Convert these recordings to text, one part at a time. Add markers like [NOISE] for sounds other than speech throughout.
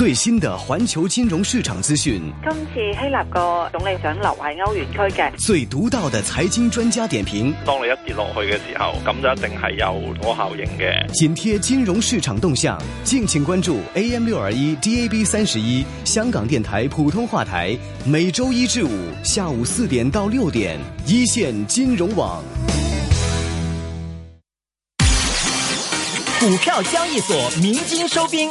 最新的環球金融市場資訊。今次希臘個總理想留喺歐元區嘅。最獨到的財經專家點評。當你一跌落去嘅時候，咁就一定係有多效應嘅。緊貼金融市場動向，敬請關注 AM 六二一 DAB 三十一香港電台普通話台，每週一至五下午四點到六點一線金融網。股票交易所鳴金收兵。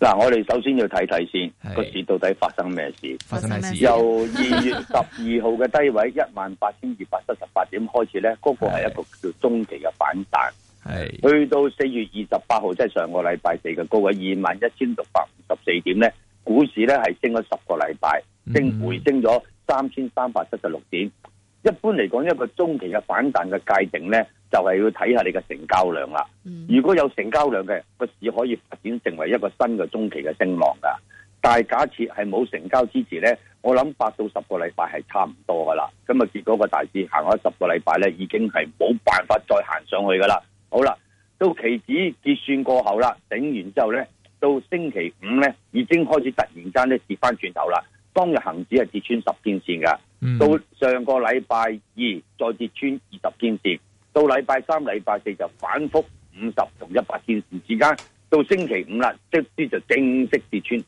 嗱，我哋首先要睇睇先，個市到底發生咩事？發生咩事？由二月十二號嘅低位一萬八千二百七十八點開始咧，嗰 [LAUGHS] 個係一個叫中期嘅反彈，係去到四月二十八號，即係上個禮拜四嘅高位二萬一千六百五十四點咧，股市咧係升咗十個禮拜，升回升咗三千三百七十六點。一般嚟講，一個中期嘅反彈嘅界定呢，就係、是、要睇下你嘅成交量啦。嗯、如果有成交量嘅個市可以發展成為一個新嘅中期嘅升浪噶，但係假設係冇成交支持呢，我諗八到十個禮拜係差唔多噶啦。咁啊，結果大個大市行開十個禮拜呢，已經係冇辦法再行上去噶啦。好啦，到期指結算過後啦，整完之後呢，到星期五呢，已經開始突然間呢，跌翻轉頭啦。當日恆指係跌穿十天線噶。嗯、到上個禮拜二再跌穿二十天線，到禮拜三、禮拜四就反覆五十同一百天線之間，到星期五啦，即啲就正式跌穿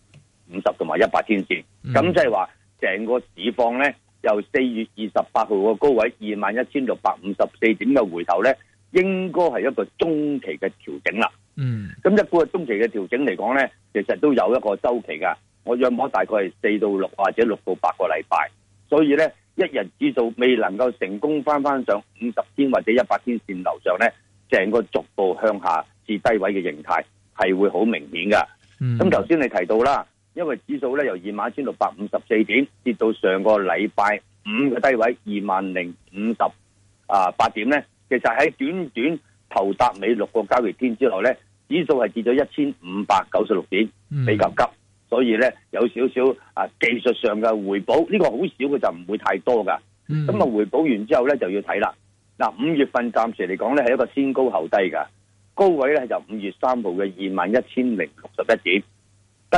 五十同埋一百天線。咁即係話成個市況呢，由四月二十八號個高位二萬一千六百五十四點嘅回頭呢，應該係一個中期嘅調整啦。嗯，咁一個中期嘅調整嚟講呢，其實都有一個週期噶，我約摸大概係四到六或者六到八個禮拜。所以咧，一日指數未能夠成功返返上五十天或者一百天線樓上咧，成個逐步向下至低位嘅形態係會好明顯㗎。咁頭先你提到啦，因為指數咧由二萬一千六百五十四點跌到上個禮拜五嘅低位二萬零五十啊八點咧，其實喺短短頭搭尾六個交易天之後咧，指數係跌咗一千五百九十六點，比較急。所以咧，有少少啊技術上嘅回補，呢、呢個好少嘅就唔會太多噶。咁啊、嗯、回補完之後咧就要睇啦。嗱，五月份暫時嚟講咧係一個先高後低噶，高位咧就五月三號嘅二萬一千零六十一點，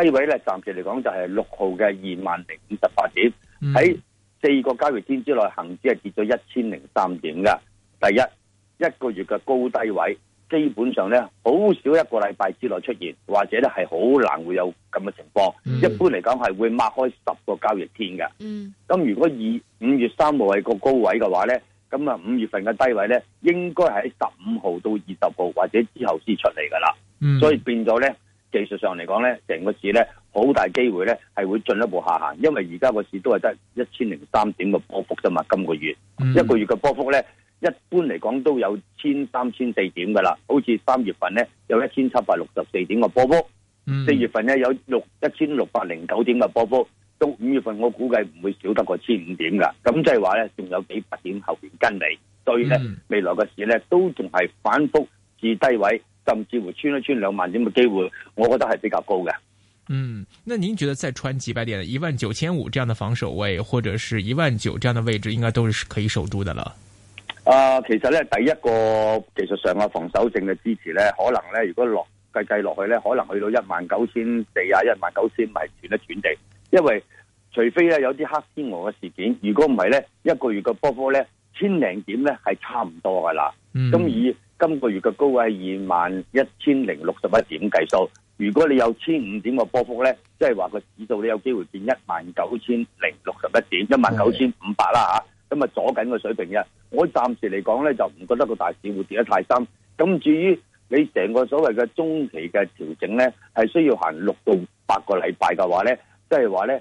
低位咧暫時嚟講就係六號嘅二萬零五十八點。喺四、嗯、個交易天之內，恆指係跌咗一千零三點噶。第一一個月嘅高低位。基本上咧，好少一個禮拜之內出現，或者咧係好難會有咁嘅情況。Mm. 一般嚟講係會擘開十個交易天嘅。咁、mm. 如果二五月三號係個高位嘅話咧，咁啊五月份嘅低位咧，應該係喺十五號到二十號或者之後先出嚟噶啦。Mm. 所以變咗咧，技術上嚟講咧，成個市咧好大機會咧係會進一步下行，因為而家個市都係得一千零三點嘅波幅啫嘛。今個月、mm. 一個月嘅波幅咧。一般嚟講都有千三千四點噶啦，好似三月份呢有一千七百六十四點嘅波幅，四月份呢有六一千六百零九點嘅波幅，到五月份我估計唔會少得過千五點噶，咁即係話呢，仲有幾百點後邊跟嚟，所以呢，未來嘅市呢都仲係反復至低位，甚至乎穿一穿兩萬點嘅機會，我覺得係比較高嘅。嗯，那您覺得再穿幾百點，一萬九千五這樣的防守位，或者是一萬九這樣的位置，應該都是可以守住的了。啊、呃，其實咧，第一個技術上嘅防守性嘅支持咧，可能咧，如果落計計落去咧，可能去到一萬九千四啊，一萬九千咪斷一斷地，因為除非咧有啲黑天鵝嘅事件，如果唔係咧，一個月嘅波幅咧千零點咧係差唔多噶啦。咁、嗯、以今個月嘅高位係二萬一千零六十一點計數，如果你有千五點嘅波幅咧，即係話個指數你有機會變一萬九千零六十一點，一萬九千五百啦吓。嗯啊咁啊，阻緊個水平嘅。我暫時嚟講呢，就唔覺得個大市會跌得太深。咁至於你成個所謂嘅中期嘅調整呢，係需要行六到八個禮拜嘅話呢，即係話呢，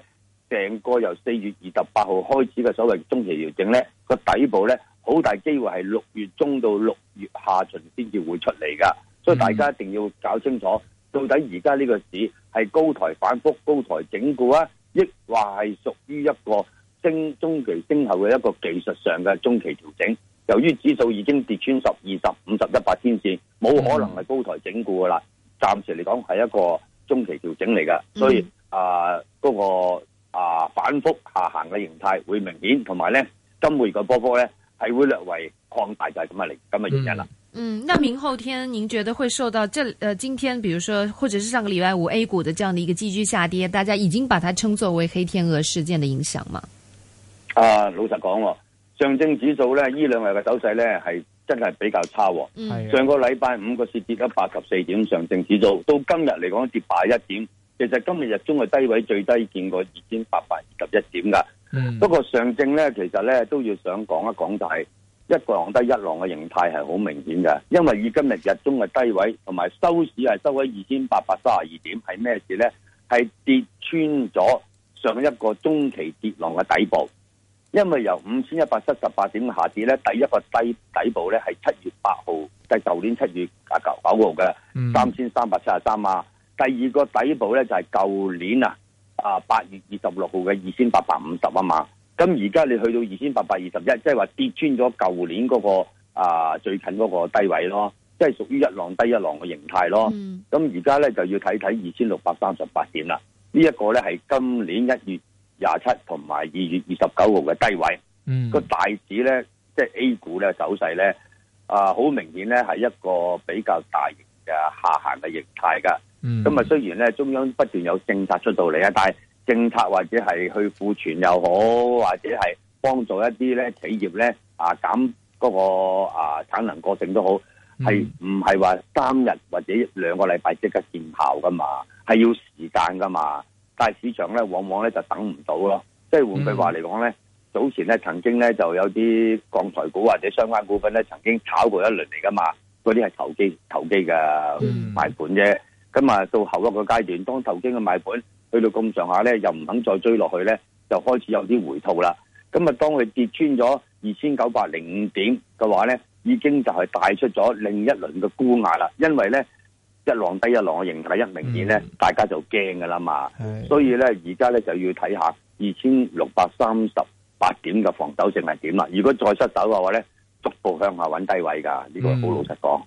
成個由四月二十八號開始嘅所謂嘅中期調整呢，個底部呢，好大機會係六月中到六月下旬先至會出嚟噶。所以大家一定要搞清楚，到底而家呢個市係高台反覆、高台整固啊，抑或係屬於一個中中期之後嘅一個技術上嘅中期調整，由於指數已經跌穿十二、十五、十一百天線，冇可能係高台整固嘅啦。暫時嚟講係一個中期調整嚟嘅，所以、嗯、啊嗰、那個啊反覆下行嘅形態會明顯，同埋咧今朝嘅波波咧係會略為擴大就的，就係咁嘅嚟咁啊原因啦。嗯，那明後天您覺得會受到這？呃、今天，比如說，或者是上個禮拜五 A 股的這樣的嘅一個急促下跌，大家已經把它稱作為黑天鵝事件嘅影響嗎？啊，老實講，上證指數咧，呢兩日嘅走勢咧，係真係比較差啊。嗯、上個禮拜五個市跌咗八十四點，上證指數到今日嚟講跌八一點。其實今日日中嘅低位最低見過二千八百二十一點噶。嗯、不過上證咧，其實咧都要想講一講，就係一個浪低一浪嘅形態係好明顯噶。因為以今日日中嘅低位同埋收市係收喺二千八百三十二點，係咩事咧？係跌穿咗上一個中期跌浪嘅底部。因為由五千一百七十八點下跌咧，第一個低底部咧係七月八號，即係舊年七月十九號嘅三千三百七十三啊。Mm. 第二個底部咧就係舊年啊啊八月二十六號嘅二千八百五十啊嘛。咁而家你去到二千八百二十一，即係話跌穿咗舊年嗰、嗰個啊最近嗰個低位咯，即、就、係、係屬於一浪低一浪嘅形態咯。咁而家咧就要睇睇二千六百三十八點啦。呢、呢、一個咧係今年一月。廿七同埋二月二十九號嘅低位，個、嗯、大市咧，即係 A 股咧走勢咧，啊，好明顯咧係一個比較大型嘅下行嘅形態㗎。咁啊、嗯，雖然咧中央不斷有政策出到嚟啊，但係政策或者係去庫存又好，或者係幫助一啲咧企業咧啊減嗰、那個啊產能過剩都好，係唔係話三日或者兩個禮拜即刻見效㗎嘛？係要時間㗎嘛？但係市場咧，往往咧就等唔到咯。即係換句話嚟講咧，嗯、早前咧曾經咧就有啲鋼材股或者相關股份咧，曾經炒過一輪嚟噶嘛。嗰啲係投機投機嘅賣盤啫。咁啊、嗯，到後一個階段，當投機嘅賣盤去到咁上下咧，又唔肯再追落去咧，就開始有啲回吐啦。咁啊，當佢跌穿咗二千九百零五點嘅話咧，已經就係帶出咗另一輪嘅沽壓啦。因為咧。一浪低一浪，嘅形態一明顯咧，嗯、大家就驚噶啦嘛。是所以咧，而家咧就要睇下二千六百三十八點嘅防守性係點啦。如果再失手嘅話咧，逐步向下搵低位噶，呢、這個好老實講。嗯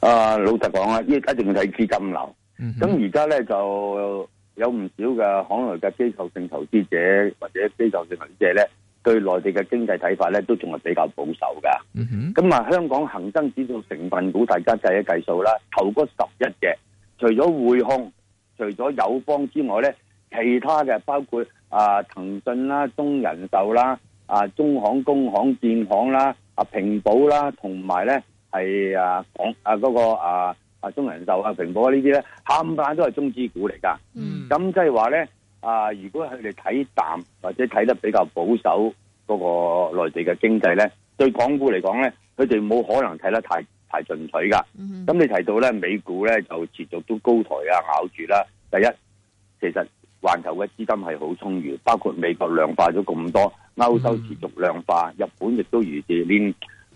啊，老實講一依家，仲睇資金流。咁而家咧就有唔少嘅行內嘅機構性投資者或者機構性投資者咧，對內地嘅經濟睇法咧都仲係比較保守噶咁啊、嗯哼，香港恒生指數成分股大家計一計數啦，頭嗰十一隻，除咗匯控、除咗友邦之外咧，其他嘅包括啊騰訊啦、中人壽啦、啊中行、工行、建行啦、啊平保啦，同埋咧。係啊，港啊嗰個啊啊中人壽啊、平保呢啲咧，冚唪唥都係中資股嚟噶。咁即係話咧，啊，呢、mm hmm. 呢啊如果佢哋睇淡或者睇得比較保守嗰個內地嘅經濟咧，對港股嚟講咧，佢哋冇可能睇得太太進取噶。咁、mm hmm. 你提到咧，美股咧就持續都高台啊咬住啦。第一，其實環球嘅資金係好充裕，包括美國量化咗咁多，歐洲持續量化，日本亦都如是。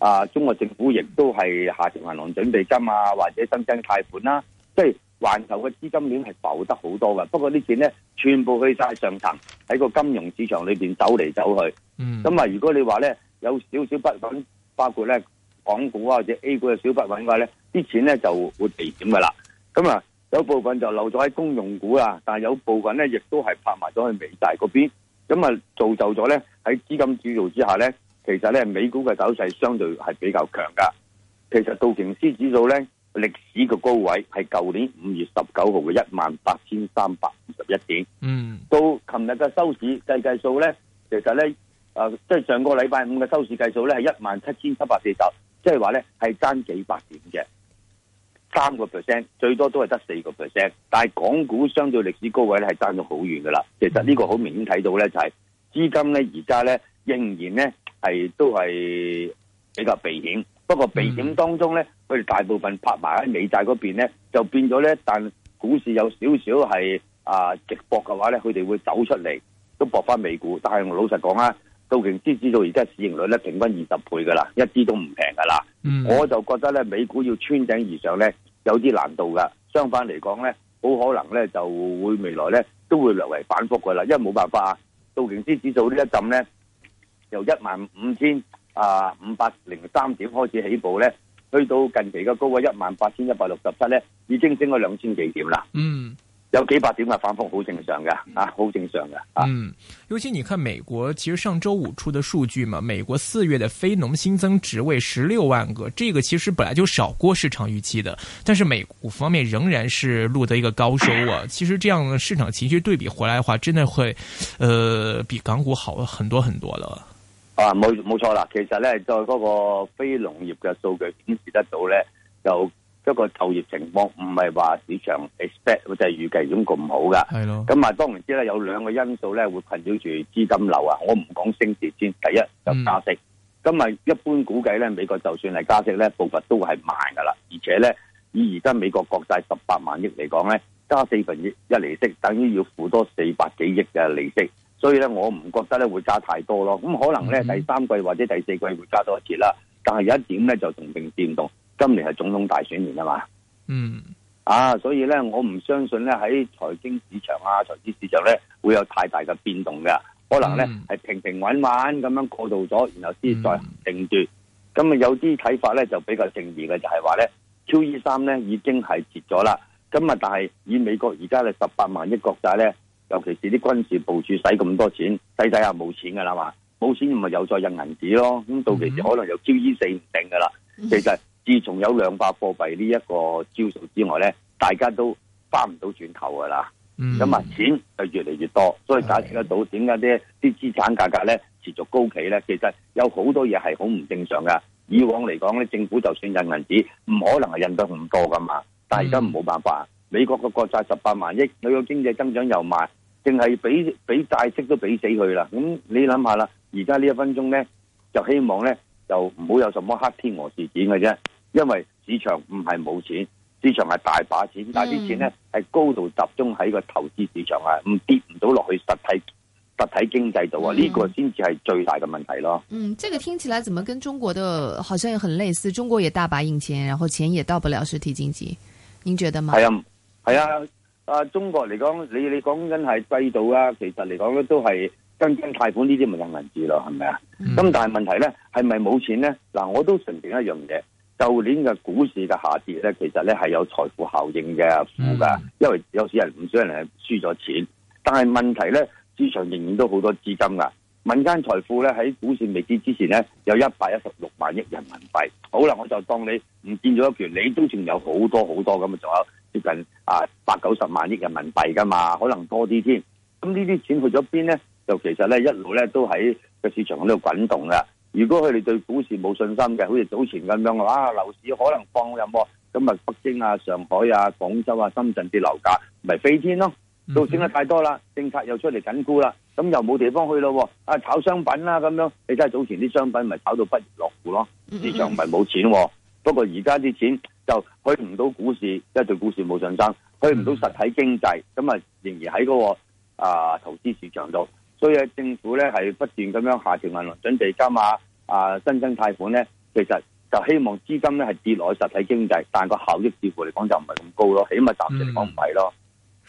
啊！中國政府亦都係下調銀行準備金啊，或者新增貸款啦、啊，即係環球嘅資金鏈係浮得好多嘅。不過啲錢咧，全部去晒上層喺個金融市場裏邊走嚟走去。嗯，咁啊，如果你話咧有少少不穩，包括咧港股啊或者 A 股嘅小不穩嘅話咧，啲錢咧就會避險嘅啦。咁啊，有部分就留咗喺公用股啊，但係有部分咧亦都係泊埋咗去美債嗰邊，咁啊造就咗咧喺資金注入之下咧。其實咧，美股嘅走勢相對係比較強噶。其實道瓊斯指數咧，歷史嘅高位係舊年五月十九號嘅一萬八千三百五十一點。嗯，到琴日嘅收市計計數咧，其實咧，誒，呃，即係上個禮拜五嘅收市計數咧係一萬七千七百四十，即係話咧係爭幾百點嘅，三個 percent 最多都係得四個 percent。但係港股相對歷史高位咧係爭咗好遠噶啦。其實呢個好明顯睇到咧就係資金咧而家咧。仍然咧，係都係比較避險。不過避險當中咧，佢哋、mm. 大部分拍埋喺美債嗰邊咧，就變咗咧。但股市有少少係啊，直搏嘅話咧，佢哋會走出嚟都搏翻美股。但係我老實講啊，道瓊斯指數而家市盈率咧，平均二十倍噶啦，一啲都唔平噶啦。Mm. 我就覺得咧，美股要穿頂而上咧，有啲難度噶。相反嚟講咧，好可能咧就會未來咧都會略為反覆噶啦，因為冇辦法、啊，道瓊斯指數呢一陣咧。由一萬五千啊，五百零三點開始起步呢，去到近期嘅高啊，一萬八千一百六十七呢已經升咗兩千幾點啦。嗯，有幾百點係反覆好正常嘅，啊，好正常嘅。啊、嗯，尤其你看美國其實上周五出的數據嘛，美國四月的非農新增職位十六萬個這個其實本來就少過市場預期的，但是美股方面仍然是錄得一個高收啊。其實這樣的市場情緒對比回來的話真的會呃，比港股好了很多很多了。啊，冇冇錯啦！其實咧，在、就、嗰、是、個非農業嘅數據顯示得到咧，就一、這個就業情況唔係話市場 expect 就係預計咁咁好噶係咯的，咁啊，當然之咧有兩個因素咧會困擾住資金流啊。我唔講升跌先，第一就加息。咁日、嗯、一般估計咧，美國就算係加息咧，步伐都係慢噶啦。而且咧，以而家美國國債十八萬億嚟講咧，加四分之一利息，等於要付多四百幾億嘅利息。所以咧，我唔覺得咧會加太多咯。咁可能咧，第三季或者第四季會加多一次啦。嗯、但係有一點咧，就同定變動。今年係總統大選年啊嘛。嗯。啊，所以咧，我唔相信咧喺財經市場啊、財資市場咧，會有太大嘅變動嘅。可能咧係平平穩穩咁樣過渡咗，然後先再定奪。咁啊、嗯，有啲睇法咧就比較正義嘅，就係話咧，Q E 三咧已經係截咗啦。咁啊，但係以美國而家嘅十八萬億國債咧。尤其是啲軍事部署使咁多錢，第日下冇錢噶啦嘛，冇錢咪又再印銀紙咯。咁到期時可能又招之四唔定噶啦。其實自從有兩百貨幣呢一個招數之外咧，大家都翻唔到轉頭噶啦。咁啊，錢就越嚟越多，所以解釋得到點解啲啲資產價格咧持續高企咧，其實有好多嘢係好唔正常噶。以往嚟講咧，政府就算印銀紙，唔可能係印到咁多噶嘛。但係而家冇辦法，美國個國債十八萬億，佢個經濟增長又慢。淨係俾俾債息都俾死佢啦！咁你諗下啦，而家呢一分鐘咧，就希望咧就唔好有什麼黑天鵝事件嘅啫，因為市場唔係冇錢，市場係大把錢，但係啲錢咧係、嗯、高度集中喺個投資市場啊，唔跌，唔到落去實體實體經濟度啊，呢、嗯、個先至係最大嘅問題咯。嗯，這個聽起來怎麼跟中國的好像也很類似？中國也大把印錢，然後錢也到不了實體經濟，您覺得嗎？係啊，係啊。嗯啊！中國嚟講，你你講緊係制度啊，其實嚟講咧都係跟緊貸款呢啲咪有銀紙咯，係咪啊？咁、嗯、但係問題咧，係咪冇錢咧？嗱，我都承認一樣嘢，舊年嘅股市嘅下跌咧，其實咧係有財富效應嘅負㗎，嗯、因為有啲人唔少人係輸咗錢。但係問題咧，市場仍然都好多資金啊。民間財富咧喺股市未跌之前咧有一百一十六萬億人民幣。好啦，我就當你唔見咗一條，你都仲有好多好多咁嘅仲有。接近啊百九十八九十萬億人民幣㗎嘛，可能多啲添。咁呢啲錢去咗邊咧？就其實咧一路咧都喺個市場度滾動啦。如果佢哋對股市冇信心嘅，好似早前咁樣啊，樓市可能放任喎，咁啊北京啊、上海啊、廣州啊、深圳啲樓價咪飛天咯。到升得太多啦，政策又出嚟緊箍啦，咁又冇地方去了咯。啊炒商品啦、啊、咁樣，你睇下早前啲商品咪炒到不如落戶咯，市場咪冇錢。不過而家啲錢。就去唔到股市，即係對股市冇信心，去唔到實體經濟，咁啊，仍然喺嗰、那個啊、呃、投資市場度。所以政府咧係不斷咁樣下調銀行準備加，加碼啊，新增貸款咧，其實就希望資金咧係注入實體經濟，但個效益似乎嚟講就唔係咁高咯，起碼暫時嚟講唔係咯。嗯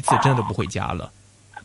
一次，真係唔會加啦、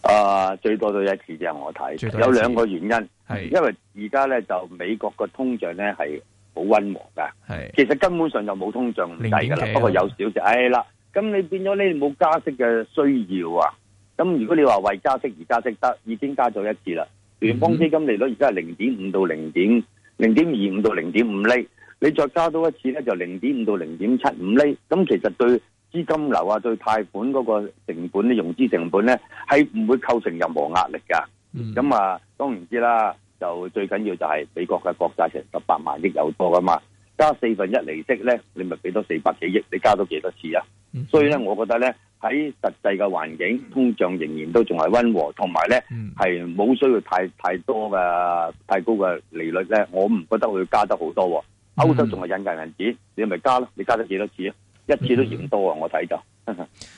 啊。誒、啊，最多就一次啫，我睇有兩個原因係，是因為而家咧就美國個通脹咧係好溫和噶，係是其實根本上就冇通脹咁滯噶啦，0. 0. 不過有少少。哎啦，咁你變咗你冇加息嘅需要啊。咁如果你話為加息而加息得，已經加咗一次啦。聯邦基金利率而家係零點五到零點零點二五到零點五厘，你再加多一次咧就零點五到零點七五厘。咁其實對。資金流啊，對貸款嗰個成本、呢融資成本咧，係唔會構成任何壓力噶。咁啊、mm hmm. 嗯，當然知啦，就最緊要就係美國嘅國債成十八萬億有多噶嘛，加四分一利息咧，你咪俾多四百幾億，你加多幾多次啊？Mm hmm. 所以咧，我覺得咧，喺實際嘅環境，通脹仍然都仲係溫和，同埋咧係冇需要太太多嘅太高嘅利率咧，我唔覺得會加得好多，很多、啊。Mm hmm. 歐洲仲係印緊銀紙，你咪加咯，你加咗幾多，多次啊？一次都嫌多啊！Mm hmm. 我睇到，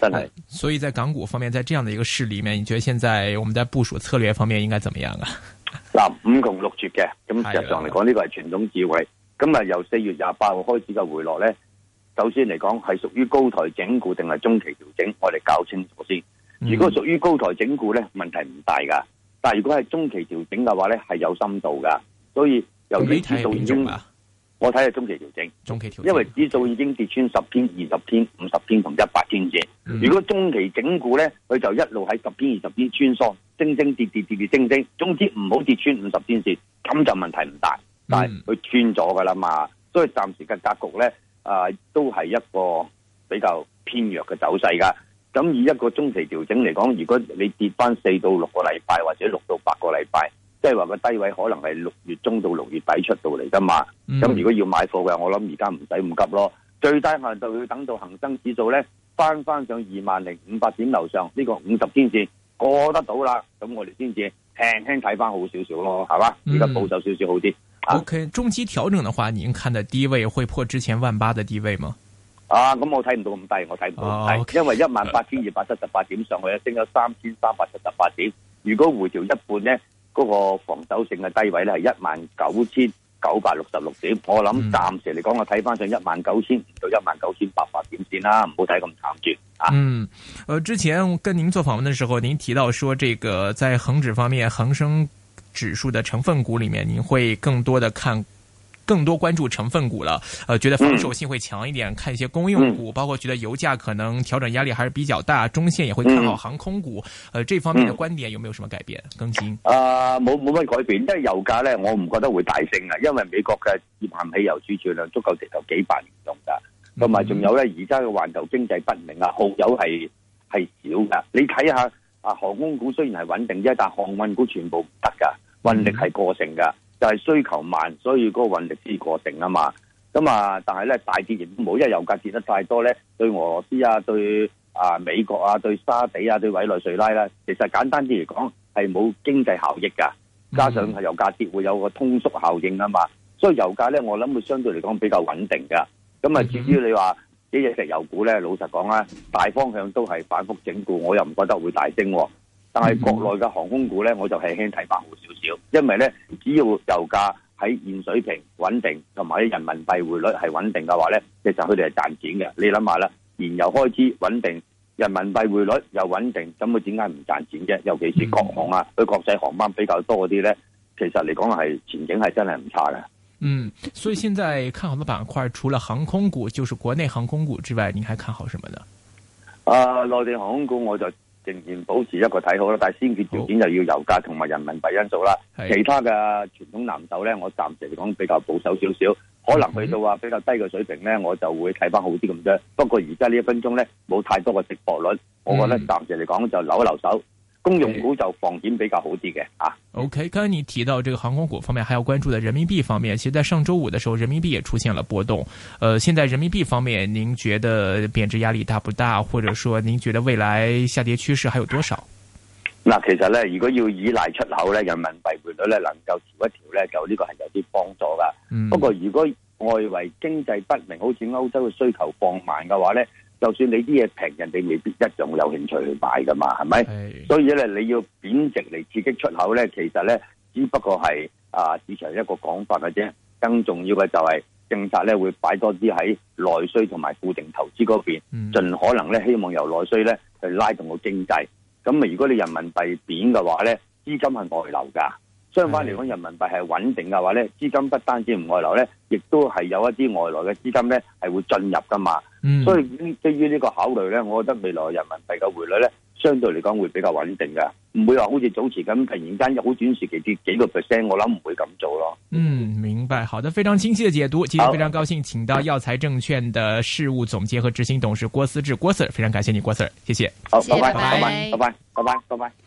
真係。所以，在港股方面，在這樣的一個市裏面，你覺得現在我們在部署策略方面應該怎麼樣啊？嗱， [LAUGHS] 五窮六絕嘅，咁實際上嚟講呢個係傳統智慧。咁啊，由四月廿八號開始嘅回落呢，首先嚟講係屬於高台整固定係中期調整，我哋搞清楚先。Mm hmm. 如果屬於高台整固呢，問題唔大噶。但係如果係中期調整嘅話呢，係有深度噶。所以由你睇到邊我睇下中期調整，中期調，因為指數已經跌穿十天、二十天、五十天同一百天線。如果中期整固咧，佢就一路喺十天、二十天穿梭，升升跌跌跌跌升升。總之唔好跌穿五十天線，咁就問題唔大。但係佢穿咗噶啦嘛，所以暫時嘅格局咧，啊、呃、都係一個比較偏弱嘅走勢噶。咁以一個中期調整嚟講，如果你跌翻四到六個禮拜，或者六到八個禮拜。即係話個低位可能係六月中到六月底出到嚟噶嘛，咁、嗯、如果要買貨嘅，我諗而家唔使咁急咯。最低限度要等到恒生指數咧翻翻上二萬零五百點樓上，呢、這個五十天線過得到啦，咁我哋先至輕輕睇翻好少少咯，係嘛？而家、嗯、保守少少好啲。O、okay, K，中期調整嘅話，你看嘅低位會破之前萬八嘅低位嘛。啊，咁、嗯、我睇唔到咁低，我睇唔到，啊、okay, 因為一萬八千二百七十八點上去，升咗三千三百七十八點，如果回調一半咧。嗰個防守性嘅低位呢係一萬九千九百六十六點，我諗暫時嚟講，我睇翻上一萬九千到一萬九千八百點先啦，唔好睇咁慘啲啊！嗯，呃，之前跟您做訪問嘅時候，您提到說，這個在恒指方面，恒生指數的成分股裡面，您會更多的看。更多關注成分股啦，呃，覺得防守性會強一點，嗯、看一些公用股，嗯、包括覺得油價可能調整壓力還是比較大，中線也會看好航空股，呃、嗯，這方面的觀點有沒有什麼改變、嗯、更新？啊、呃，冇冇乜改變，因為油價咧，我唔覺得會大升啊，因為美國嘅頁岩汽油儲存量足夠直頭幾百年用噶，同埋仲有咧，而家嘅環球經濟不明啊，耗油係係少噶，你睇下啊，航空股雖然係穩定啫，但航運股全部唔得噶，運力係過剩噶。嗯嗯就係需求慢，所以嗰個運力先過剩啊嘛。咁啊，但係咧大跌亦都冇，因為油價跌得太多咧，對俄羅斯啊、對啊美國啊、對沙地啊、對委內瑞拉咧，其實簡單啲嚟講係冇經濟效益㗎。加上係油價跌會有個通縮效應啊嘛，所以油價咧我諗會相對嚟講比較穩定㗎。咁啊，至於你話呢隻石油股咧，老實講啦，大方向都係反覆整固，我又唔覺得會大升啊。但係國內嘅航空股咧，我就係輕睇白好少少，因為咧，只要油價喺現水平穩定，同埋人民幣匯率係穩定嘅話咧，其實佢哋係賺錢嘅。你諗下啦，燃油開支穩定，人民幣匯率又穩定，咁佢點解唔賺錢啫？尤其是國航啊，佢國際航班比較多啲咧，其實嚟講係前景係真係唔差嘅。嗯，所以現在看好嘅板塊，除了航空股，就是國內航空股之外，你還看好什麼呢？誒、啊，內地航空股我就。仍然保持一個睇好啦，但係先決條件就要油價同埋人民幣因素啦。好其他嘅傳統藍籌呢，我暫時嚟講比較保守少少，可能去到話比較低嘅水平呢，我就會睇翻好啲咁啫。嗯、不過而家呢一分鐘呢，冇太多嘅直播率，我覺得呢暫時嚟講就留一留手。公用股就防險比較好啲嘅啊。OK，剛剛你提到這個航空股方面，還要關注的人民幣方面。其實在上週五的時候，人民幣也出現了波動。呃，現在人民幣方面，您覺得貶值壓力大不大？或者說，您覺得未來下跌趨勢還有多少？嗱，其實呢，如果要依賴出口呢，人民幣匯率呢能夠調一調呢，就呢個係有啲幫助噶。不過、嗯，如果外圍經濟不明，好似歐洲嘅需求放慢嘅話呢。就算你啲嘢平，人哋未必一樣會有興趣去買噶嘛，係咪係咪？是所以咧，你要貶值嚟刺激出口咧，其實咧，只不過係啊市場一個講法嘅啫。更重要嘅就係、是、政策咧，會擺多啲喺內需同埋固定投資嗰邊，盡可能咧希望由內需咧去拉動個經濟。咁如果你人民幣貶嘅話咧，資金係外流噶。相反嚟講，是人民幣係穩定嘅話咧，資金不單止唔外流咧，亦都係有一啲外來嘅資金咧係會進入噶嘛。嗯、所以對於呢個考慮咧，我覺得未來人民幣嘅匯率咧，相對嚟講會比較穩定嘅，唔會話好似早前咁突然間有好短時期跌幾個 percent，我諗唔會咁做咯。嗯，明白，好的，非常清晰嘅解讀，今日非常高興請到耀才證券的事務總監和執行董事郭思志郭 Sir，非常感謝你郭 Sir，謝謝。好，謝謝拜拜，拜拜，拜拜，拜拜，拜拜。拜拜。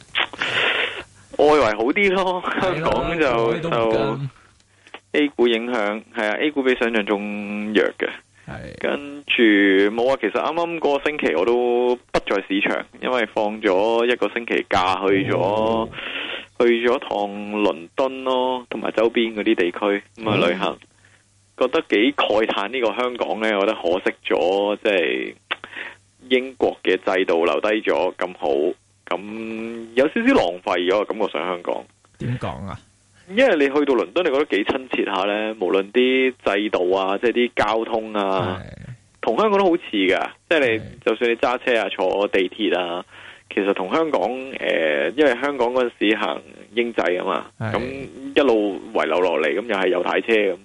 外圍好啲咯，香港的就就 A 股影響係啊，A 股比想象中弱嘅。的跟住冇啊，其實啱啱嗰個星期我都不在市場，因為放咗一個星期假去咗、哦、去咗趟倫敦咯，同埋周邊嗰啲地區咁啊、嗯、旅行，覺得幾慨嘆呢個香港呢，我覺得可惜咗，即、就、係、是、英國嘅制度留低咗咁好。咁有少少浪費咗，感覺上香港點講啊？因為你去到倫敦，你覺得幾親切下呢。無論啲制度啊，即係啲交通啊，同的香港都好似㗎。即係你的就算你揸車啊，坐地鐵啊，其實同香港誒、呃，因為香港嗰陣時行英制啊嘛，咁的一路遺留落嚟，咁又係右軚車咁。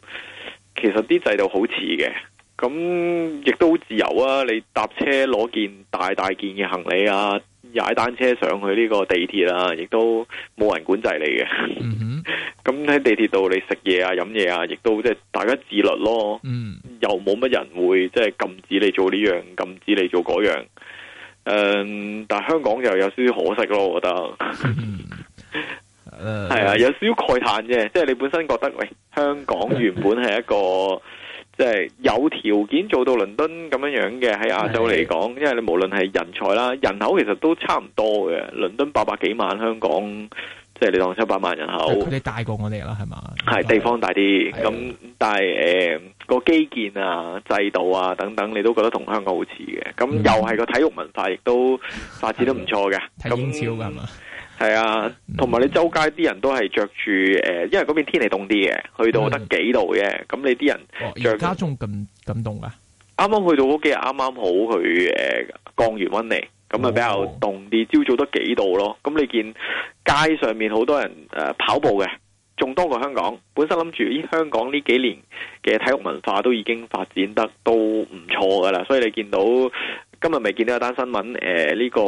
其實啲制度好似嘅，咁亦都好自由啊！你搭車攞件大大件嘅行李啊～踩單車上去呢個地鐵啦、啊，亦都冇人管制你嘅。咁喺、mm hmm. [LAUGHS] 地鐵度，你食嘢啊、飲嘢啊，亦都即係大家自律咯。Mm hmm. 又冇乜人會即係禁止你做呢樣，禁止你做嗰樣、嗯。但係香港又有少少可惜咯，我覺得。係啊，有少少慨嘆啫，即、就、係、是、你本身覺得，喂，香港原本係一個。 [LAUGHS] 即係有條件做到倫敦咁樣嘅，喺亞洲嚟講，因為你無論係人才啦、人口其實都差唔多嘅。倫敦八百幾萬，香港即係、就是、你當七百萬人口，佢大過我哋啦，係嘛？係地方大啲，咁的但係誒個基建啊、制度啊等等，你都覺得同香港好似嘅。咁又係個體育文化亦都發展得唔錯嘅。咁 [LAUGHS] 睇英超嘛～那 [LAUGHS] 係啊，同埋你周街啲人都係着住誒，因為嗰邊天氣凍啲嘅，去到得幾度嘅，咁、嗯、你啲人着。而家仲咁咁凍啊？啱啱去到嗰幾日，啱啱好去誒降完溫嚟，咁啊比較凍啲，朝、哦、早得幾度咯。咁你見街上面好多人誒、呃、跑步嘅，仲多過香港。本身諗住，咦，香港呢幾年嘅體育文化都已經發展得都唔錯噶啦，所以你見到。今日未見到一單新聞，誒、呃、呢、這個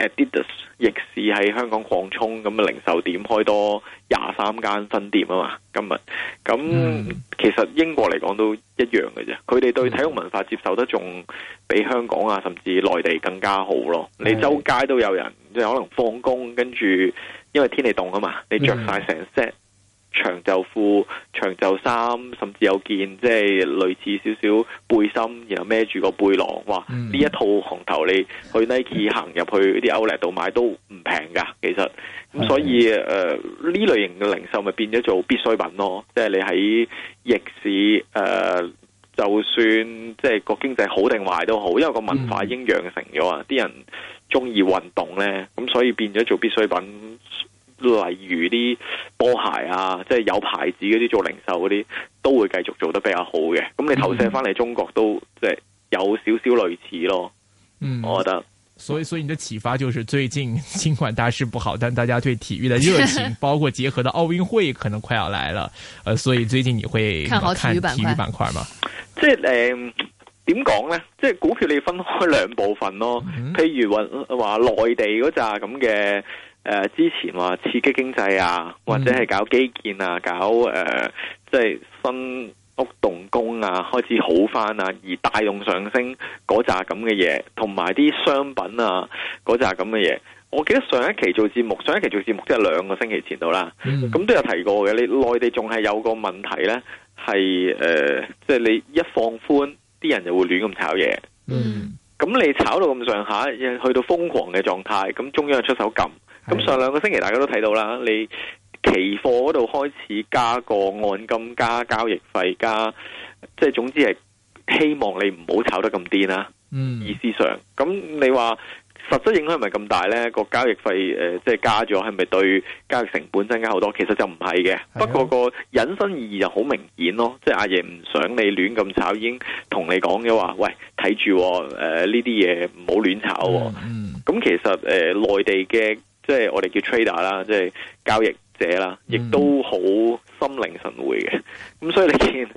Adidas 逆市喺香港擴充咁嘅零售店，開多廿三間分店啊嘛！今日咁、嗯、其實英國嚟講都一樣嘅啫，佢哋對體育文化接受得仲比香港啊，甚至內地更加好咯。嗯、你周街都有人，即係可能放工跟住，因為天氣凍啊嘛，你着晒成 set。嗯嗯長袖褲、長袖衫，甚至有件即係類似少少背心，然後孭住個背囊，哇！呢、嗯、一套行頭你去 Nike 行入去啲 Outlet 買都唔平噶，其實咁、嗯、所以誒呢、呃嗯、類型嘅零售咪變咗做必需品咯。即係你喺逆市誒、呃，就算即係個經濟好定壞都好，因為個文化已經養成咗啊，啲、嗯、人中意運動咧，咁所以變咗做必需品。例如啲波鞋啊，即、就、係、是、有牌子嗰啲做零售嗰啲，都會繼續做得比較好嘅。咁你投射翻嚟中國、嗯、都即係有少少類似咯。嗯，我覺得。所以所以你嘅啟發就是，最近儘管大勢不好，但大家對體育嘅熱情， [LAUGHS] 包括結合到奧運會可能快要來了。呃、所以最近你會看好體育板塊嗎？這咧。 [LAUGHS] 即呃點講呢？即係股票，你分開兩部分咯。譬、嗯、如話內地嗰扎咁嘅誒，之前話刺激經濟啊，嗯、或者係搞基建啊，搞誒、呃、即係新屋動工啊，開始好翻啊，而帶動上升嗰扎咁嘅嘢，同埋啲商品啊嗰扎咁嘅嘢。我記得上一期做節目，上一期做節目即係兩個星期前度啦。咁、嗯、都有提過嘅。你內地仲係有個問題呢，係誒，即、呃、係、即係、你一放寬。啲人就會亂咁炒嘢，嗯，咁你炒到咁上下，去到瘋狂嘅狀態，咁中央就出手撳，咁上兩個星期大家都睇到啦，你期貨嗰度開始加個按金、加交易費、加，即係總之係希望你唔好炒得咁癲啦。嗯，意思上，咁你話。實質影響係咪咁大呢？個交易費誒、呃，即係加咗，係咪對交易成本增加好多？其實就唔係嘅。的不過個引申意義就好明顯咯，即係阿爺唔想你亂咁炒，已經同你講嘅話，喂，睇住誒呢啲嘢，唔好亂炒。咁、mm hmm. 嗯、其實誒，內、呃、地嘅即係我哋叫 trader 啦，即係交易者啦，亦都好心靈神會嘅。咁、mm hmm. 嗯、所以你見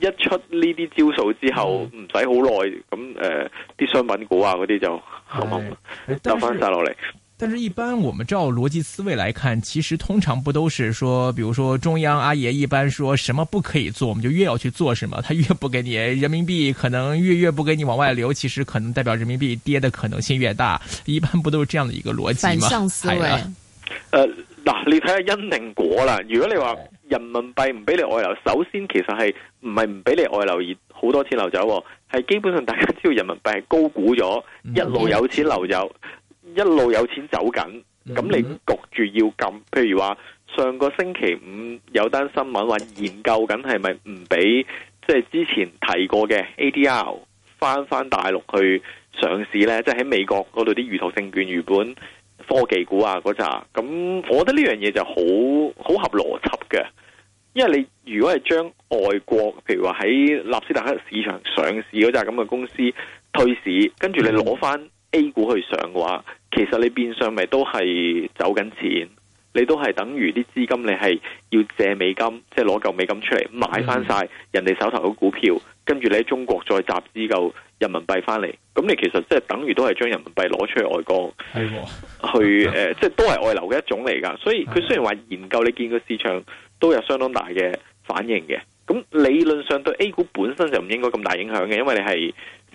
一出呢啲招數之後，唔使好耐咁誒，啲、hmm. 呃、商品股啊嗰啲就。好嘛，但是，但是一般我們照邏輯思維來看，其實通常不都是說，比如說中央阿爺一般說什麼不可以做，我們就越要去做什麼，他越不給你人民幣，可能越越不給你往外流，其實可能代表人民幣跌的可能性越大，一般不都是這樣的一個邏輯嗎？反向思維。啊、呃，嗱，你睇下因定果啦，如果你話人民幣唔俾你外流，首先其實係唔係唔俾你外流而好多錢流走。係基本上大家知道，人民幣係高估咗，一路有錢流入，一路有錢走緊，咁你焗住要撳，譬如話上個星期五有單新聞話研究緊係咪唔俾，即係之前提過嘅 ADR 翻返大陸去上市咧？即係喺美國嗰度啲預託證券、預本科技股啊嗰扎。咁我覺得呢樣嘢就好好合邏輯嘅。因為你如果係將外國，譬如話喺納斯達克市場上市嗰隻咁嘅公司退市，跟住你攞翻 A 股去上嘅話，其實你變相咪都係走緊錢。你都係等於啲資金，你係要借美金，即係攞嚿美金出嚟買翻晒人哋手頭嘅股票，跟住你喺中國再集資嚿人民幣翻嚟，咁你其實即係等於都係將人民幣攞出去外國，的去誒，即、呃、係、就是、都係外流嘅一種嚟噶。所以佢雖然話研究你見個市場都有相當大嘅反應嘅，咁理論上對 A 股本身就唔應該咁大影響嘅，因為你係。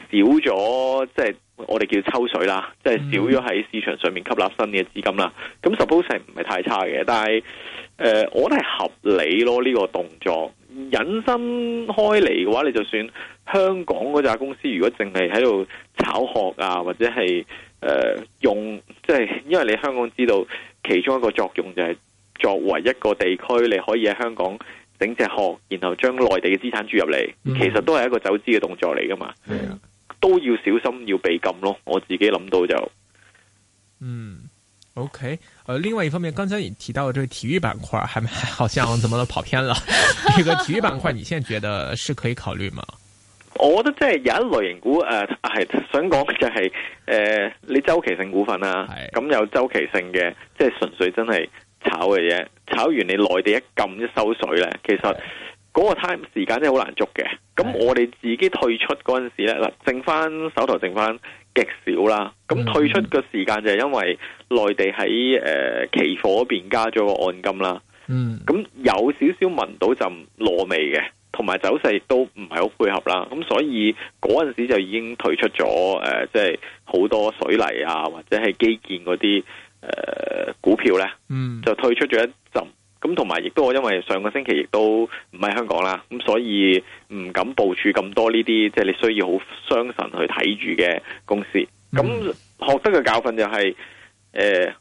少咗即係我哋叫抽水啦，即、就、係、是、少咗喺市場上面吸納新嘅資金啦。咁 suppose 係唔係太差嘅，但係誒、呃、我都係合理咯呢、這個動作引申開嚟嘅話，你就算香港嗰隻公司如果淨係喺度炒殼啊，或者係誒、呃、用即係、就是，因為你香港知道其中一個作用就係作為一個地區，你可以喺香港整隻殼，然後將內地嘅資產注入嚟，嗯、其實都係一個走資嘅動作嚟噶嘛。係啊。都要小心要被禁咯，我自己諗到就，嗯，OK、呃、另外一方面，剛才你提到嘅呢體育板塊還咪好像怎麼跑偏了呢個體育板塊， [LAUGHS] 板塊你現在覺得是可以考慮嗎？我覺得即係有一類型股，誒、呃，係想講就係、是、誒、呃，你周期性股份啦、啊，咁、哎、有周期性嘅，即、就、係、是、純粹真係炒嘅嘢，炒完你內地一禁一收水咧，其實、哎。嗰個 time 時，時間真係好難捉嘅，咁我哋自己退出嗰陣時咧，嗱剩翻手頭剩翻極少啦，咁退出嘅時間就係因為內地喺誒、呃、期貨嗰邊加咗個按金啦，咁有少少聞到陣糯味嘅，同埋走勢亦都唔係好配合啦，咁所以嗰陣時就已經退出咗誒，即係好多水泥啊或者係基建嗰啲誒股票咧，嗯，就退出咗一陣。咁同埋，亦都我因為上個星期亦都唔喺香港啦，咁所以唔敢部署咁多呢啲，即係你需要好傷神去睇住嘅公司。咁學得嘅教訓就係誒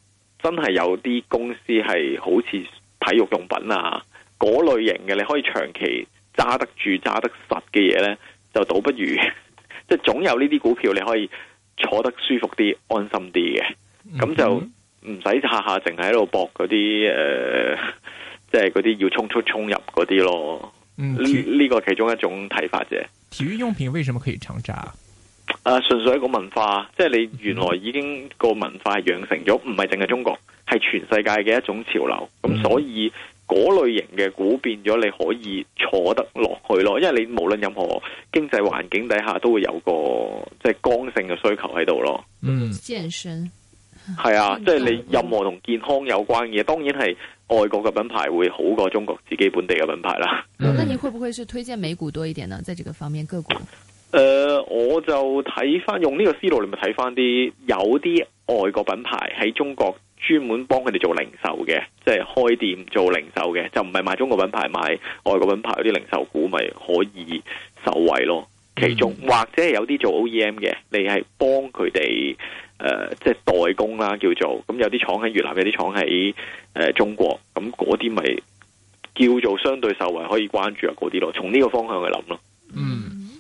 真係有啲公司係好似體育用品啊嗰類型嘅，你可以長期揸得住，揸得實嘅嘢咧，就倒不如即係 [LAUGHS] 總有呢啲股票你可以坐得舒服啲，安心啲嘅，咁就唔使下下淨係喺度搏嗰啲誒。呃即係嗰啲要衝出衝入嗰啲咯，呢呢、嗯、個其中一種睇法啫。體育用品為什麼可以長揸？啊，純粹一個文化，即係你原來已經個文化養成咗，唔係淨係中國，係全世界嘅一種潮流。咁、嗯、所以嗰類型嘅股變咗，你可以坐得落去咯。因為你無論任何經濟環境底下，都會有個即係剛性嘅需求喺度咯。嗯，健身。係啊，即係你任何同健康有關嘅嘢，當然係外國嘅品牌會好過中國自己本地嘅品牌啦。咁你會唔會是推薦美股多一點呢？在這個方面個股？誒，我就睇翻用呢個思路看一些，你咪睇翻啲有啲外國品牌喺中國專門幫佢哋做零售嘅，即係開店做零售嘅，就唔係賣中國品牌，賣外國品牌嗰啲零售股咪可以受惠咯。其中或者有啲做 OEM 嘅，你係幫佢哋。誒、呃，即係代工啦，叫做咁，有啲廠喺越南，有啲廠喺、呃、中國，咁嗰啲咪叫做相對受惠，可以關注啊。嗰啲咯。從呢個方向去諗咯。嗯。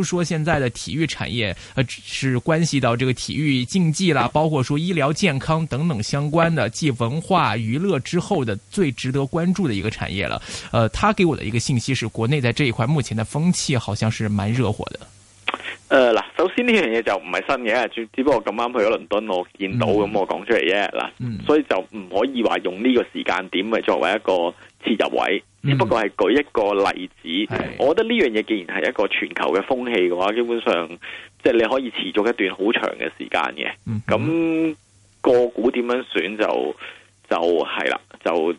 都說現在的體育產業，呃，是關係到這個體育競技啦，包括說醫療健康等等相關的，繼文化娛樂之後的最值得關注的一個產業了。呃，他給我的一個信息是，國內在這一塊目前的風氣好像是蠻熱火的。呃，嗱，首先呢樣嘢就唔係新嘅，只只不過咁啱去咗倫敦我見到，咁、嗯、我講出嚟啫。嗱，嗯、所以就唔可以話用呢個時間點去作為一個切入位。只不過係舉一個例子，mm hmm. 我覺得呢樣嘢，既然係一個全球嘅風氣嘅話，基本上即係、就是、你可以持續一段好長嘅時間嘅。咁、mm hmm. 個股點樣選就就係啦，就。就是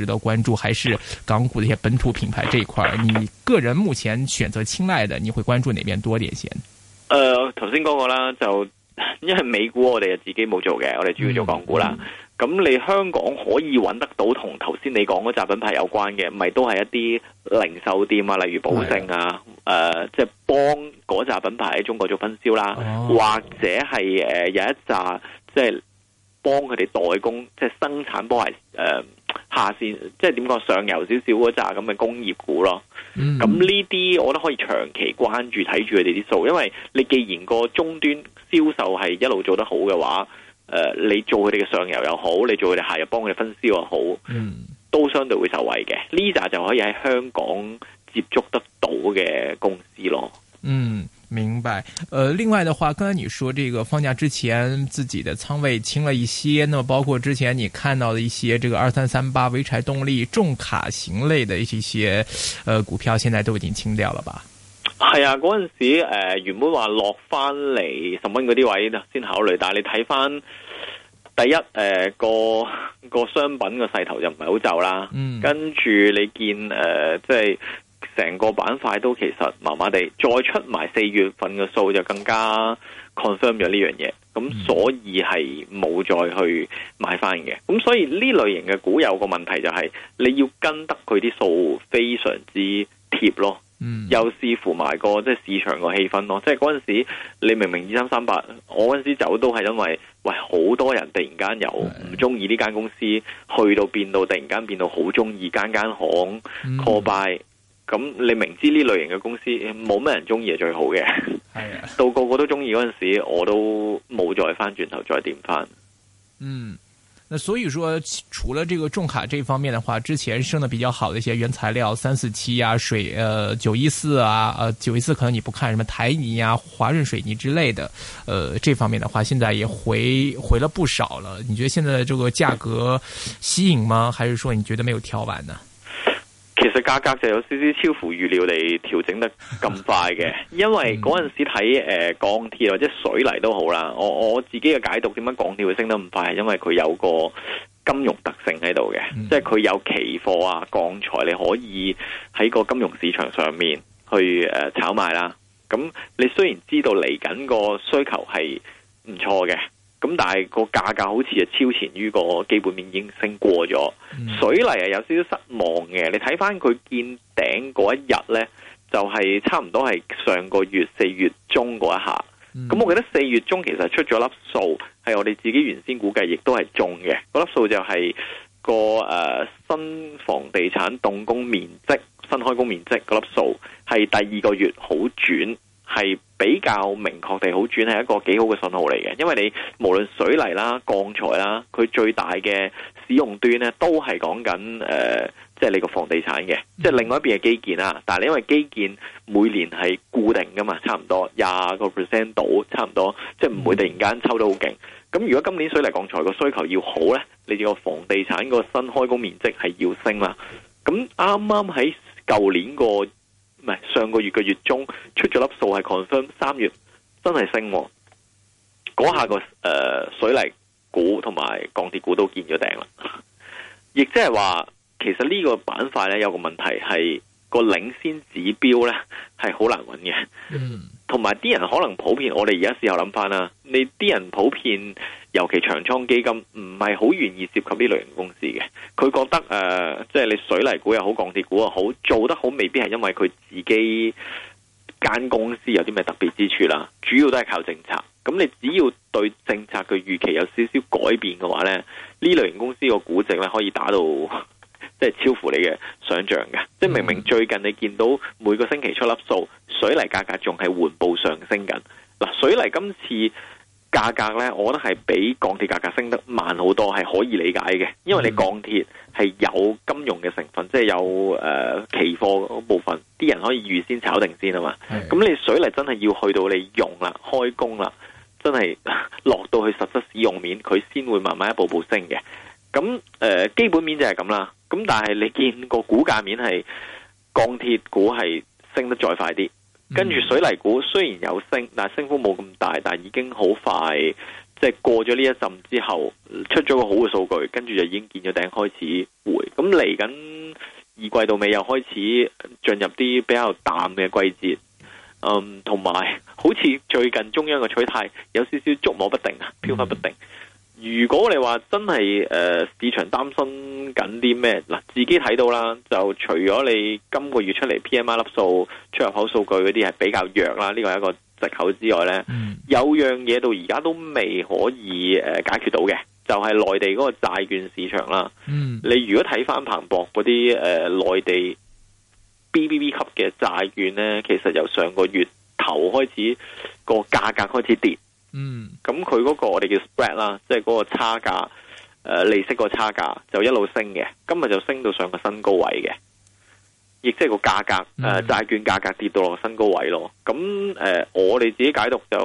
值得關注，還是港股一些本土品牌這一塊？你個人目前選擇青睞的，你會關注哪邊多點先？誒、呃，頭先講過啦，就因為美股我哋自己冇做嘅，我哋主要做港股啦。咁、嗯、你香港可以揾得到同頭先你講嗰紮品牌有關嘅，咪都係一啲零售店啊，例如保盛啊，誒的，即係、呃就是、幫嗰扎品牌喺中國做分銷啦，哦、或者係誒有一紮即係幫佢哋代工，即、就、係、是、生產波鞋誒。呃下線即係點講上游少少嗰扎咁嘅工業股咯，咁呢啲我都可以長期關注睇住佢哋啲數，因為你既然個終端銷售係一路做得好嘅話，誒、呃、你做佢哋嘅上游又好，你做佢哋下游幫佢哋分銷又好，mm. 都相對會受惠嘅呢紮就可以喺香港接觸得到嘅公司咯。嗯。Mm. 明白，呃，另外的話，剛才你說這個放假之前自己的倉位清了一些，那麼包括之前你看到的一些這個二三三八濰柴動力重卡型類的一些，呃，股票現在都已經清掉了吧？係啊，嗰陣時呃原本話落翻嚟十蚊嗰啲位先考慮，但係你睇翻第一誒、呃、個個商品個勢頭就唔係好就啦，嗯、跟住你見誒、呃、即係。成個板塊都其實麻麻地，再出埋四月份嘅數就更加 confirm 咗呢樣嘢，咁所以係冇再去買翻嘅。咁所以呢類型嘅股有個問題就係、是，你要跟得佢啲數非常之貼咯，嗯、又視乎埋個即係市場個氣氛咯。即係嗰陣時，你明明二三三八，我嗰陣時走都係因為，喂，好多人突然間由唔中意呢間公司，的去到變到突然間變到好中意間間行 call buy。咁你明知呢類型嘅公司冇咩人中意係最好嘅，到個個都中意嗰陣時，我都冇再返轉頭再點翻。嗯，那所以說，除了這個重卡這方面的話，之前升得比較好的一些原材料，三四七啊、水、呃九一四啊、呃九一四，可能你不看什麼台泥啊、華潤水泥之類的，呃，這方面的話，現在也回回了不少了。你覺得現在這個價格吸引嗎？還是說你覺得沒有調完呢？其實價格就有少少超乎預料地調整得咁快嘅，因為嗰陣時睇誒，鋼鐵或者水泥都好啦。我我自己嘅解讀，點解鋼鐵會升得咁快，係因為佢有個金融特性喺度嘅。嗯、即係佢有期貨啊、鋼材，你可以喺個金融市場上面去誒、呃、炒賣啦。咁你雖然知道嚟緊個需求係唔錯嘅。咁但係個價格好似就超前於個基本面已經升過咗，mm. 水泥係有少少失望嘅。你睇翻佢見頂嗰一日呢，就係、是、差唔多係上個月四月中嗰一下。咁、mm. 我記得四月中其實出咗粒數，係我哋自己原先估計亦都係中嘅。嗰粒數就係、那個誒、呃、新房地產動工面積、新開工面積嗰粒數，係第二個月好轉。係比較明確地好轉，係一個幾好嘅信號嚟嘅。因為你無論水泥啦、鋼材啦，佢最大嘅使用端咧，都係講緊誒，即係你個房地產嘅，即係另外一邊係基建啦。但係你因為基建每年係固定噶嘛，差唔多廿個 percent 度，差唔多即係唔會突然間抽得好勁。咁如果今年水泥鋼材個需求要好咧，你個房地產個新開工面積係要升啦。咁啱啱喺舊年個。唔係上個月嘅月中出咗粒數係 confirm，三月真係升，嗰下、那個誒、呃、水泥股同埋鋼鐵股都見咗頂啦。亦即係話，其實呢個板塊咧有個問題係個領先指標咧係好難揾嘅。嗯，同埋啲人可能普遍，我哋而家事後諗翻啦，你啲人普遍。尤其長倉基金唔係好願意涉及呢類型公司嘅，佢覺得誒、呃，即係你水泥股又好，鋼鐵股又好，做得好未必係因為佢自己間公司有啲咩特別之處啦，主要都係靠政策。咁你只要對政策嘅預期有少少改變嘅話呢，呢類型公司個估值咧，可以打到，即係超乎你嘅想象。嘅即係明明最近你見到每個星期出粒數，水泥價格仲係緩步上升緊，嗱，水泥今次。價格呢，我覺得係比鋼鐵價格升得慢好多，係可以理解嘅。因為你鋼鐵係有金融嘅成分，即係有誒期貨嗰部分，啲人可以預先炒定先啊嘛。咁你水泥真係要去到你用啦、開工啦，真係落到去實質使用面，佢先會慢慢一步步升嘅。咁誒，基本面就係咁啦。咁但係你見個股價面係鋼鐵股係升得再快啲。嗯、跟住水泥股雖然有升，但係升幅冇咁大，但已經好快即係、就是、過咗呢一陣之後，出咗個好嘅數據，跟住就已經見咗頂開始回。咁嚟緊二季度尾又開始進入啲比較淡嘅季節，嗯，同埋好似最近中央嘅取態有少少捉摸不定，飄忽不定。如果你話真係誒、呃，市場擔心緊啲咩？嗱，自己睇到啦，就除咗你今個月出嚟 PMI 粒數、出入口數據嗰啲係比較弱啦，呢、這個係一個借口之外呢、嗯、有樣嘢到而家都未可以誒、呃、解決到嘅，就係、是、內地嗰個債券市場啦。嗯、你如果睇返彭博嗰啲誒內地 BBB 級嘅債券呢，其實由上個月頭開始個價格開始跌。嗯，咁佢嗰個我哋叫 spread 啦，即係嗰個差價誒，利息個差價就一路升嘅。今日就升到上個新高位嘅，亦即係個價格誒，債券價格跌到落個新高位咯。咁誒，我哋自己解讀就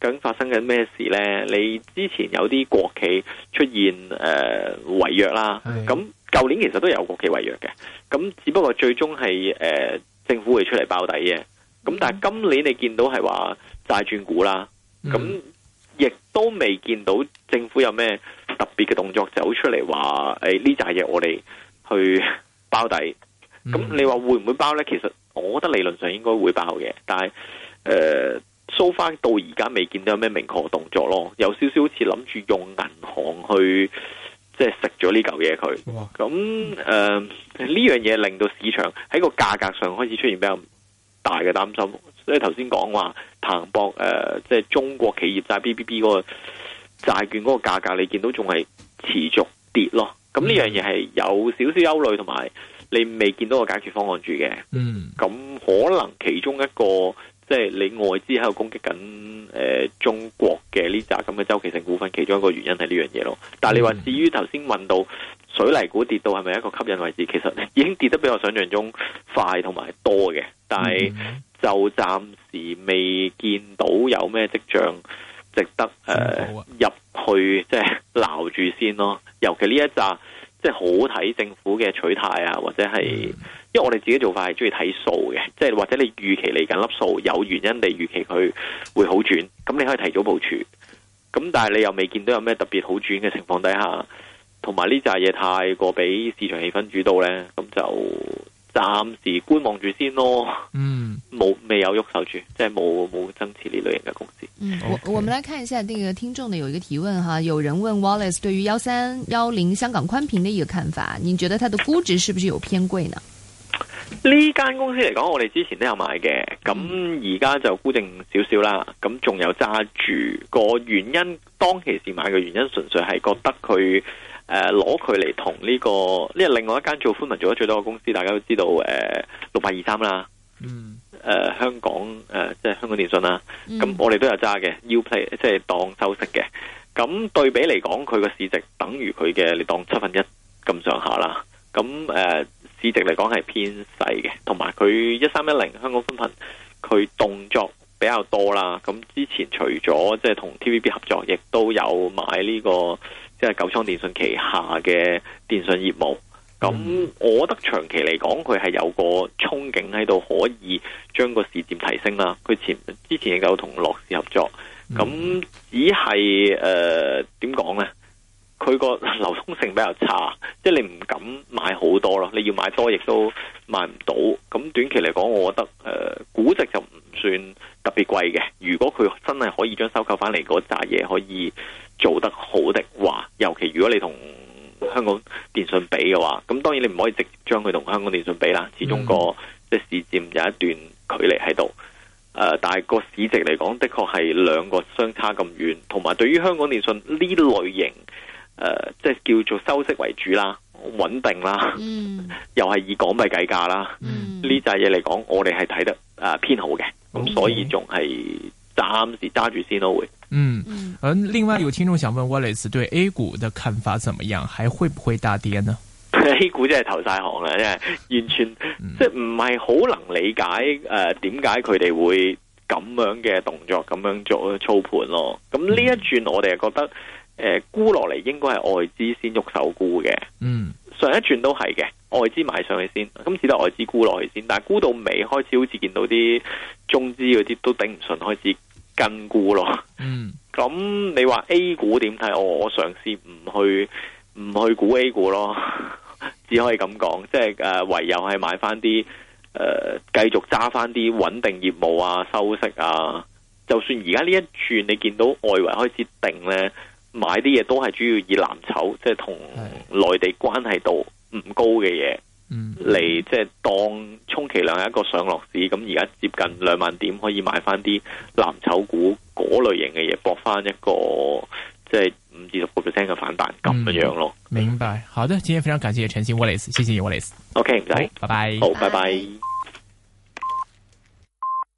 究竟發生緊咩事咧？你之前有啲國企出現誒、呃、違約啦是，咁舊年其實都有國企違約嘅，咁只不過最終係誒政府會出嚟包底嘅、嗯。咁但係今年你見到係話債轉股啦。咁亦都未見到政府有咩特別嘅動作走出嚟話，誒呢扎嘢我哋去包底。咁你話會唔會包咧？其實我覺得理論上應該會包嘅，但係誒 so far 到而家未見到有咩明確嘅動作咯。有少少好似諗住用銀行去即係食咗呢嚿嘢佢。咁誒呢樣嘢、呃、令到市場喺個價格上開始出現比較。大嘅擔心，所以頭先講話彭博誒、呃，即係中國企業債、BB、B B B 嗰個債券嗰個價格，你見到仲係持續跌咯。咁呢樣嘢係有少少憂慮，同埋你未見到個解決方案住嘅。嗯，咁可能其中一個即係你外資喺度攻擊緊、呃、中國嘅呢扎咁嘅周期性股份，其中一個原因係呢樣嘢咯。但係你話至於頭先問到。水泥股跌到係咪一個吸引位置？其實已經跌得比我想象中快同埋多嘅，但係就暫時未見到有咩跡象值得誒入去即係、就是、撈住先咯。尤其呢一紮即係好睇政府嘅取態啊，或者係，嗯、因為我哋自己做法係中意睇數嘅，即、就、係、是、或者你預期嚟緊粒數有原因你預期佢會好轉，咁你可以提早部署。咁但係你又未見到有咩特別好轉嘅情況底下。同埋呢扎嘢太過俾市場氣氛主導呢，咁就暫時觀望住先咯。嗯，冇未有喐手住，即係冇冇增持呢類型嘅公司。嗯，我我們來看一下呢個聽眾呢，有一個提問哈，有人問 Wallace 對於幺三幺零香港寬頻嘅一個看法，您覺得它的估值是不是有偏貴呢？呢間公司嚟講，我哋之前都有買嘅，咁而家就沽淨少少啦。咁仲有揸住個原因，當其時買嘅原因純粹係覺得佢。誒，攞佢嚟同呢個，因為另外一間做寬頻做咗最多嘅公司，大家都知道，誒六八二三啦，嗯、mm. 呃，誒香港誒即係香港電信啦，咁、mm. 我哋都有揸嘅，UPlay 即係當收息嘅，咁對比嚟講，佢個市值等於佢嘅，你當七分一咁上下啦，咁誒、呃、市值嚟講係偏細嘅，同埋佢一三一零香港寬頻，佢動作比較多啦，咁之前除咗即係同 TVB 合作，亦都有買呢、這個。即係九倉電信旗下嘅電信業務，咁我覺得長期嚟講，佢係有個憧憬喺度，可以將個市佔提升啦。佢前之前又有同樂視合作，咁只係誒點講呢？佢個流通性比較差，即係你唔敢買好多咯。你要買多，亦都買唔到。咁短期嚟講，我覺得、呃、估值就唔算特別貴嘅。如果佢真係可以將收購翻嚟嗰扎嘢可以做得好的話，尤其如果你同香港電訊比嘅話，咁當然你唔可以直接將佢同香港電訊比啦。始終個、嗯、即係市佔有一段距離喺度、呃。但係個市值嚟講，的確係兩個相差咁遠。同埋對於香港電訊呢類型。誒，即係、呃就是，叫做收息為主啦，穩定啦，嗯、又係以港幣計價啦，呢扎嘢嚟講，我哋係睇得誒、呃、偏好嘅，咁、嗯、所以仲係暫時揸住先咯會。嗯，嗯，另外有聽眾想問 Wallace、啊、哇對 A 股嘅看法怎麼樣？還會唔會大跌呢 [LAUGHS] ？A 股真係投晒行啦，完全、嗯、即係唔係好能理解誒，點解佢哋會咁樣嘅動作咁樣做操盤咯？咁呢一轉我哋係覺得。嗯誒、呃，沽落嚟應該係外資先喐手沽嘅，嗯，上一轉都係嘅，外資買上去先，今次都係外資沽落去先，但係沽到尾開始好似見到啲中資嗰啲都頂唔順，開始跟沽咯，嗯，咁你話 A 股點睇？我我嘗試唔去唔去估 A 股咯， [LAUGHS] 只可以咁講，即係誒、呃，唯有係買翻啲誒，繼、呃、續揸翻啲穩定業務啊，收息啊，就算而家呢一轉你見到外圍開始定咧。買啲嘢，都係主要以藍籌，即係同內地關係度唔高嘅嘢的嗯嚟，即係當充其量係一個上落市。咁而家接近兩萬點，可以買翻啲藍籌股嗰類型嘅嘢，搏翻一個即係五至六個 percent 嘅反彈咁嘅樣咯。明白，好的，今天非常感謝陳昕 Wallace，謝謝你 Wallace。謝謝 OK，唔使，拜拜，好，拜拜 bye。